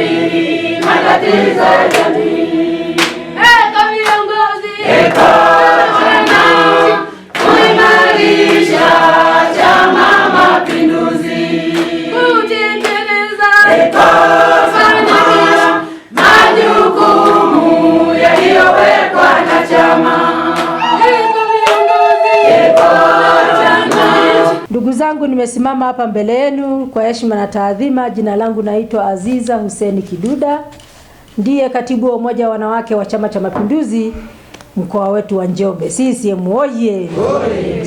Holy wangu, nimesimama hapa mbele yenu kwa heshima na taadhima. Jina langu naitwa Aziza huseni Kiduda, ndiye katibu wa Umoja wa Wanawake wa Chama cha Mapinduzi mkoa wetu wa Njombe. CCM oye!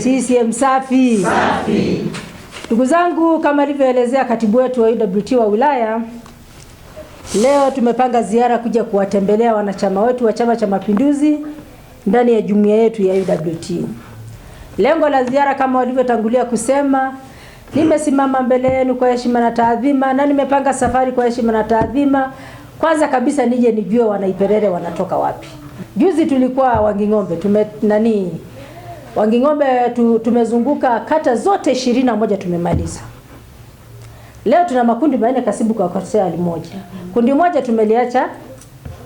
CCM safi, safi. Ndugu zangu, kama alivyoelezea katibu wetu wa UWT wa wilaya, leo tumepanga ziara kuja kuwatembelea wanachama wetu wa Chama cha Mapinduzi ndani ya jumuiya yetu ya UWT. Lengo la ziara kama walivyotangulia kusema Nimesimama mbele yenu kwa heshima na taadhima, na nimepanga safari kwa heshima na taadhima. Kwanza kabisa nije nijue wanaiperere wanatoka wapi. Juzi tulikuwa Wanging'ombe tume, nani Wanging'ombe tu, tumezunguka kata zote ishirini na moja tumemaliza. Leo tuna makundi manne kasibu kwa kosea limoja. Kundi moja tumeliacha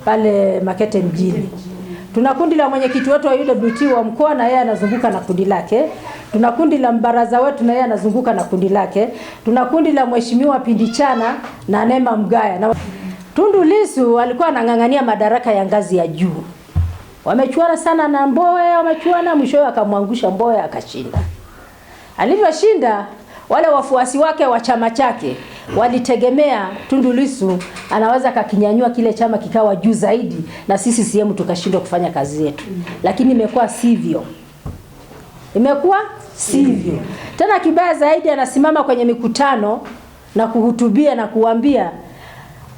pale Makete mjini. Tuna kundi la mwenyekiti wetu wa UWT wa mkoa na yeye anazunguka na kundi lake tuna kundi la mbaraza wetu na yeye anazunguka na kundi lake, tuna kundi la mheshimiwa Pindichana na Nema Mgaya na... Tundu Lisu alikuwa anang'ang'ania madaraka ya ngazi ya juu, wamechuana sana na Mboe, wamechuana, mwishowe akamwangusha Mboe akashinda. Alivyoshinda, wale wafuasi wake wa chama chake walitegemea Tundu Lisu anaweza kakinyanyua kile chama kikawa juu zaidi, na sisi CCM tukashindwa kufanya kazi yetu, lakini imekuwa sivyo imekuwa sivyo. Tena kibaya zaidi, anasimama kwenye mikutano na kuhutubia na kuambia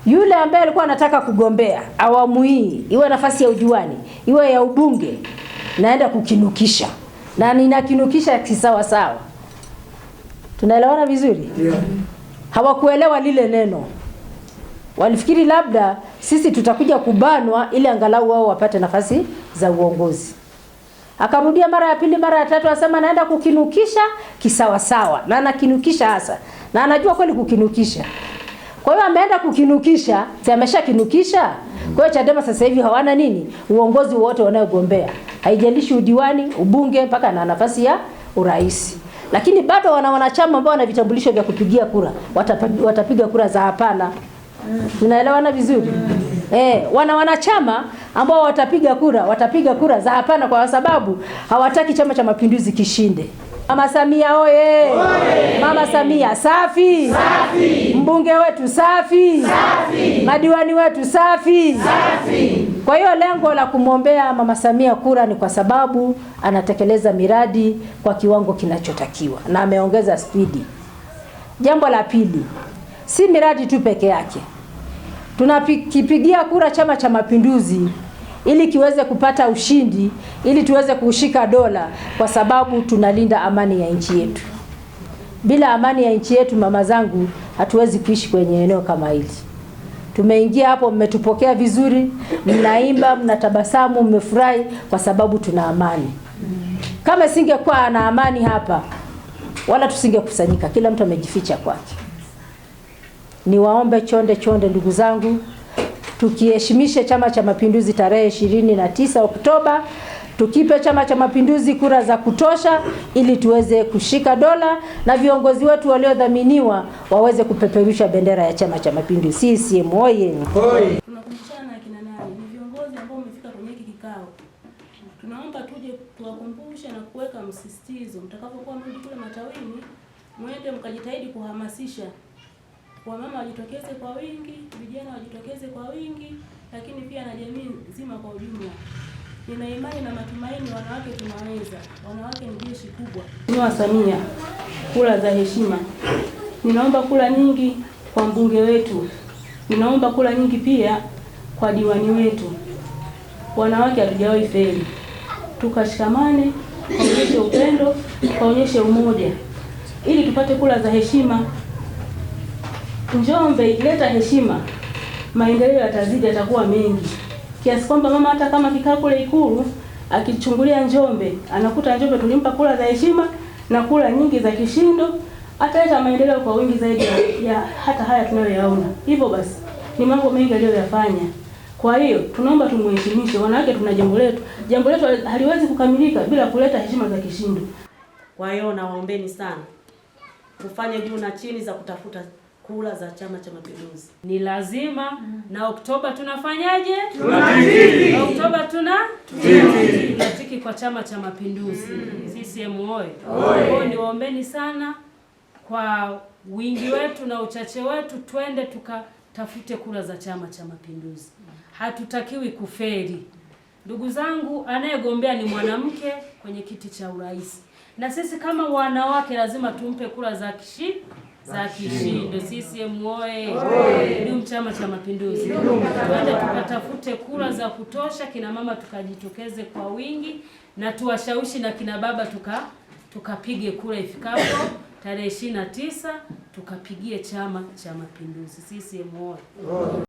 yule ambaye alikuwa anataka kugombea awamu hii, iwe nafasi ya ujuani, iwe ya ubunge, naenda kukinukisha na ninakinukisha sawa. Tunaelewana vizuri yeah. Hawakuelewa lile neno, walifikiri labda sisi tutakuja kubanwa ili angalau wao wapate nafasi za uongozi. Akarudia mara ya pili, mara ya tatu, asema naenda kukinukisha kisawasawa, na anakinukisha hasa, na anajua kweli kukinukisha. Kwa hiyo ameenda kukinukisha, si ameshakinukisha? Kwa hiyo Chadema sasa hivi hawana nini, uongozi wote wanaogombea, haijalishi udiwani, ubunge, mpaka na nafasi ya urais lakini bado wana wanachama ambao wana vitambulisho vya kupigia kura, watapiga kura za hapana. Tunaelewana mm. vizuri Mm. eh? Wana wanachama ambao watapiga kura watapiga kura za hapana, kwa sababu hawataki Chama cha Mapinduzi kishinde. Mama Samia oye! Oye! Mama Samia safi, safi. Mbunge wetu safi, safi. Madiwani wetu safi, safi. Kwa hiyo lengo la kumwombea Mama Samia kura ni kwa sababu anatekeleza miradi kwa kiwango kinachotakiwa na ameongeza spidi. Jambo la pili, si miradi tu peke yake tunakipigia kura Chama cha Mapinduzi ili kiweze kupata ushindi ili tuweze kushika dola, kwa sababu tunalinda amani ya nchi yetu. Bila amani ya nchi yetu, mama zangu, hatuwezi kuishi kwenye eneo kama hili. Tumeingia hapo, mmetupokea vizuri, mnaimba, mnatabasamu, mmefurahi kwa sababu tuna amani. Kama singekuwa na amani hapa, wala tusingekusanyika, kila mtu amejificha kwake niwaombe chonde chonde, ndugu zangu, tukiheshimishe Chama cha Mapinduzi tarehe 29 Oktoba, tukipe Chama cha Mapinduzi kura za kutosha ili tuweze kushika dola na viongozi wetu waliodhaminiwa waweze kupeperusha bendera ya Chama cha Mapinduzi. CCM oyee! Tunakumbushana akina nani viongozi ambao wamefika kwenye kikao, tunaomba tuje tuwakumbushe na kuweka msisitizo, mtakapokuwa mrudi kule matawini, mwende mkajitahidi kuhamasisha wamama wajitokeze kwa wingi, vijana wajitokeze kwa wingi, lakini pia na jamii nzima kwa ujumla. Nina imani na matumaini, wanawake tunaweza. Wanawake ni jeshi kubwa. Mheshimiwa Samia, kura za heshima. Ninaomba kura nyingi kwa mbunge wetu, ninaomba kura nyingi pia kwa diwani wetu. Wanawake hatujawahi feli, tukashikamane, kaonyeshe upendo, tukaonyeshe umoja ili tupate kura za heshima. Njombe ikileta heshima, maendeleo yatazidi, yatakuwa mengi kiasi kwamba mama hata kama kikaa kule Ikulu akichungulia Njombe anakuta Njombe tulimpa kula za heshima na kula nyingi za kishindo, ataleta maendeleo kwa wingi zaidi ya, ya hata haya tunayoyaona. Hivyo basi ni mambo mengi aliyoyafanya. Kwa hiyo tunaomba tumuheshimishe. Wanawake tuna jambo letu, jambo letu haliwezi kukamilika bila kuleta heshima za kishindo. Kwa hiyo nawaombeni sana, tufanye juu na chini za kutafuta kura za Chama cha Mapinduzi. Ni lazima mm. Na Oktoba tunafanyaje? Tunatiki. Oktoba tuna tunatiki kwa Chama cha Mapinduzi mm. CCM oye! niwaombeni sana kwa wingi wetu na uchache wetu, twende tukatafute kura za Chama cha Mapinduzi. Hatutakiwi kufeli. Ndugu zangu, anayegombea ni mwanamke kwenye kiti cha urais, na sisi kama wanawake lazima tumpe kura za kishi za kishindo. CCM oye! Dumu Chama cha Mapinduzi! Twende tukatafute kura za kutosha, kina mama tukajitokeze kwa wingi na tuwashawishi, na kina baba tuka tukapige kura ifikapo tarehe 29 tukapigie Chama cha Mapinduzi. CCM oye!